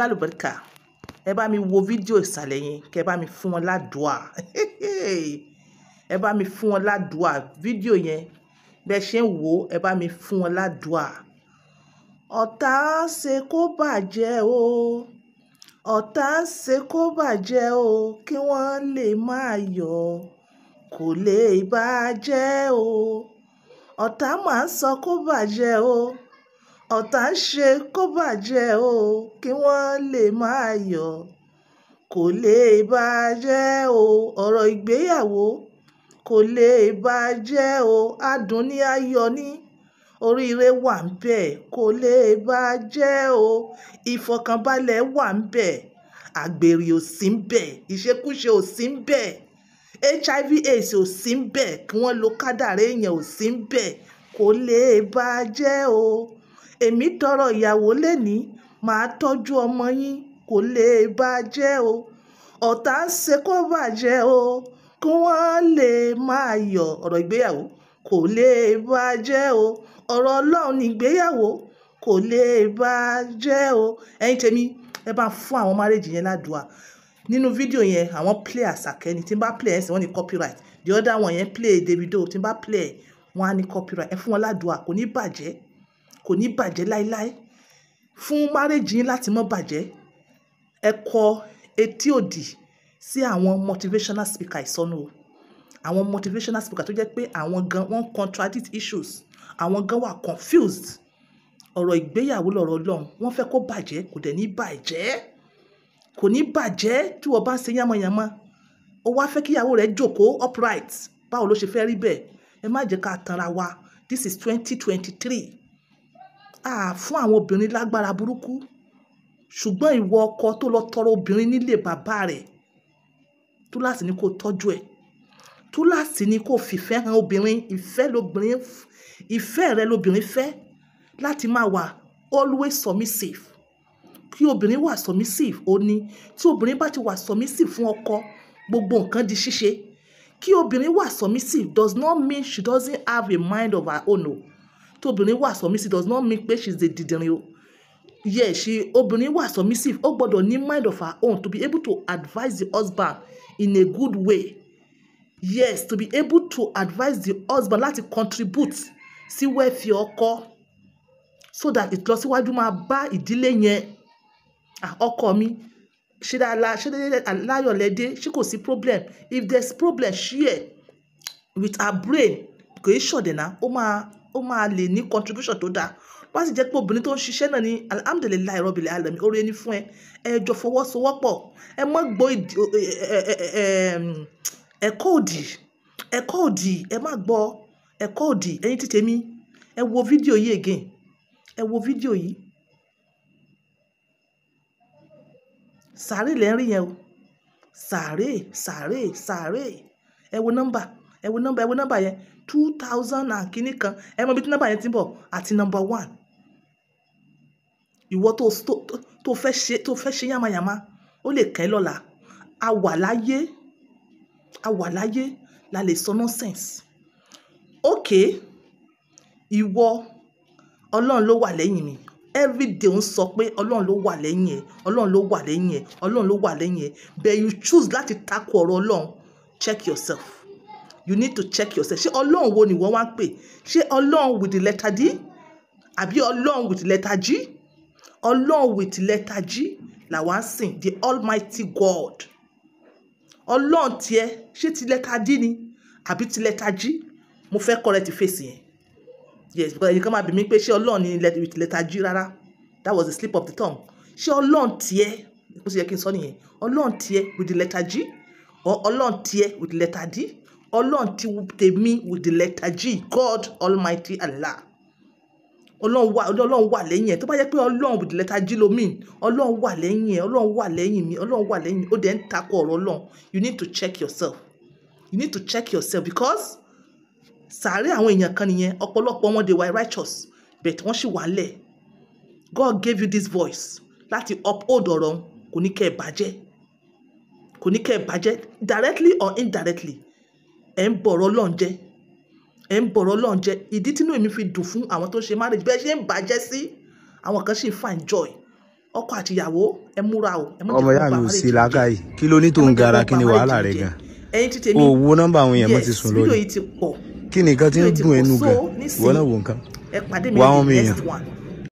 lálùbáríkà ẹ bá mi wo fídíò ìsàlẹ̀ yẹn kẹ bá mi fún wọn ládùúà ẹ bá mi fún wọn ládùúà fídíò yẹn bẹ́ẹ̀ ṣe ń wò ó ẹ bá mi fún wọn ládùúà ọ̀tá ṣe kó bàjẹ́ o ọ̀tá ṣe kó bàjẹ́ o kí wọ́n lè máa yọ̀ kò lè bàjẹ́ o ọ̀tá máa ń sọ kó bàjẹ́ o ọ̀tá ń ṣe kó bàjẹ́ o kí wọ́n lè máa yọ̀ kó lè bàjẹ́ o ọ̀rọ̀ ìgbéyàwó kó lè bàjẹ́ o adùn ní ayọ̀ ní oríire wà ń bẹ̀ kó lè bàjẹ́ o ìfọ̀kànbalẹ̀ wà ń bẹ̀ àgbèrè ò sí ń bẹ̀ ìṣekúṣe ò sí ń bẹ̀ hiv aids ò sí ń bẹ̀ kí wọ́n lo kádàrá èèyàn ò sí ń bẹ̀ kó lè bàjẹ́ o èmi tọrọ ìyàwó lẹ́ni màá tọ́jú ọmọ yín kó lè bàjẹ́ o ọ̀tá ń ṣe kó bàjẹ́ o kí wọ́n lè máa yọ̀ ọ̀rọ̀ ìgbéyàwó kò lè bàjẹ́ o ọ̀rọ̀ ọlọ́run ní ìgbéyàwó kò lè bàjẹ́ o ẹ̀yin tèmi ẹ bá fún àwọn márèjì yẹn ládùúà nínú fídíò yẹn àwọn play àsàkẹ́ ni tí n bá play ẹ̀sìn wọ́n ní copyright the other one yẹn play Davido tí n bá play wọ́n á ní copyright ẹ fún wọn ládùúà kò ní bàjẹ́ kò ní bàjẹ́ láíláí. Fún marriage yín láti má bàjẹ́, ẹ kọ etí òdì sí àwọn motivational speaker ìsọnù o. Àwọn motivational speaker tó jẹ́ pé àwọn gan wọ́n contradict issues, àwọn gan wà confused. Ọ̀rọ̀ ìgbéyàwó lọ̀rọ̀ Ọlọ́run, wọ́n fẹ́ kó bàjẹ́, kò dẹ̀ ní bàjẹ́. Kò ní bàjẹ́ tí ìwọ bá ń ṣe yánmọyánmọ. O wá fẹ́ kí ìyàwó rẹ jókòó upright. Báwo ló ṣe fẹ́ rí bẹ́ẹ̀? Ẹ má jẹ́ ká tanra wa. This is 2023 a fún àwọn obìnrin lágbára burúkú ṣùgbọ́n ìwọ ọkọ tó lọ tọrọ obìnrin nílé bàbá rẹ̀ túláàsì ni kò tọ́jú ẹ̀ túláàsì ni kò fìfẹ́ hàn obìnrin ìfẹ́ lobìnrin ìfẹ́ rẹ lobìnrin fẹ́ láti máa wà always submissive kí obìnrin wà submissive ó ní tí obìnrin bá ti wà submissive fún ọkọ gbogbo nǹkan di ṣíṣe kí obìnrin wà submissive does not mean she doesn't have a mind of her own o. No tóbìnrin wà submissive does not mean pé she is a dìdìrín o yes she obìnrin wà submissive ó gbọ́dọ̀ ní mind of her own to be able to advise the husband in a good way yes to be able to advise the husband láti contribute sí welfare ọkọ so that ìlọsíwájú máa bá ìdílé yẹn ọkọ mi ṣe dáadáa ṣe dáadáa láyọ̀lẹ́dẹ́ ṣé kò sí problem if there is problem share with her brain kò í ṣọ̀dẹ̀ náà ó máa ó máa lè ní contribution tó dáa wọ́n á sì jẹ́ pé obìnrin tó ń ṣiṣẹ́ náà ní alhamdulilayi rọ́bìlì alẹ́mi oore ní fún ẹ ẹ jọ fọwọ́sowọ́pọ̀ ẹ mọ́ gbọ́ e, e, e, ẹ̀kọ́ òdì ẹ̀kọ́ òdì ẹ má gbọ́ ẹ̀kọ́ òdì ẹ̀yin ti tèmi ẹ wo fídíò yìí again ẹ wo fídíò yìí sàárè lẹ́rìn yẹn o sàárè sàárè sàárè ẹ wo nọ́mbà ẹ wo nọ́mbà ẹ wo nọ́mbà yẹn two thousand and kìíní kan ẹ mọ ibi tí nọ́mbà yẹn ti ń àti nọ́mbà one ìwọ tó tó fẹ́ ṣe tó fẹ́ ṣe yàmàyàmà ó lè kẹ́ lọ́la a wà láyé a wà láyé la lè sọ nonsense ok ìwọ ọlọ́run ló wà lẹ́yìn mi everyday ń sọ pé ọlọ́run ló wà lẹ́yìn ẹ̀ ọlọ́run ló wà lẹ́yìn ẹ̀ ọlọ́run ló wà lẹ́yìn ẹ̀ but you choose láti takò ọ̀rọ̀ ọlọ́run check yourself you need to check yourself ṣé ọlọ́run wo ni wọ́n wá ń pè ṣé ọlọ́run with the letter d àbí ọlọ́run with the letter g ọlọ́run with the letter g làwa ń sìn the almighty god ọlọ́run tiẹ̀ ṣé ti letter d ni àbí ti letter g mo fẹ́ correct face yẹn yes because ẹ̀yin kan máa bi mí pé ṣé ọlọ́run ni with letter g rárá that was the slip of the tongue ṣé ọlọ́run tiẹ̀ bó ṣe yẹ kí n sọ nìyẹn ọlọ́run tiẹ̀ with the letter g or ọlọ́run tiẹ̀ with the letter d ọlọ́run ti tèmi with the letter G God Almighty Allah ọlọ́run wà ọlọ́run wà lẹ́yìn ẹ̀ tó bá yẹ pé ọlọ́run with the letter G ló mean ọlọ́run wà lẹ́yìn ẹ̀ ọlọ́run wà lẹ́yìn mi ọlọ́run wà lẹ́yìn ó dẹ̀ ń takò ọ̀rọ̀ ọlọ́run you need to check yourself you need to check yourself because sàárẹ̀ àwọn èèyàn kan nìyẹn ọ̀pọ̀lọpọ̀ wọn they were righteous but wọ́n sì wà lẹ̀ God gave you this voice láti uphold ọ̀rọ̀ kò ní kẹ́ ẹ̀ bàjẹ́ kò ní kẹ́ ẹ̀ bàjẹ́ directly or indirectly ẹ̀ ń bọ̀rọ̀ Ọlọ́run jẹ́ ẹ̀ ń bọ̀rọ̀ Ọlọ́run jẹ́ ìdí tínú èmi fi dùn fún àwọn tó ń ṣe marriage bẹ́ẹ̀ ṣe ń bàjẹ́ sí àwọn kan sì ń fa enjoy ọkọ àtìyàwó ẹ múra o. ọmọ yà mí ò sí lákàyè kí ló ní tó ń gara kí ni wàhálà rẹ gan owó nọ́mbà àwọn èèyàn mọ ti sùn lónìí kí nìkan ti ń dùn ẹnu gan wọn náà wò nǹkan wà á wọn mi yàn.